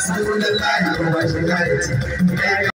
hasbunallahu wa ni'mal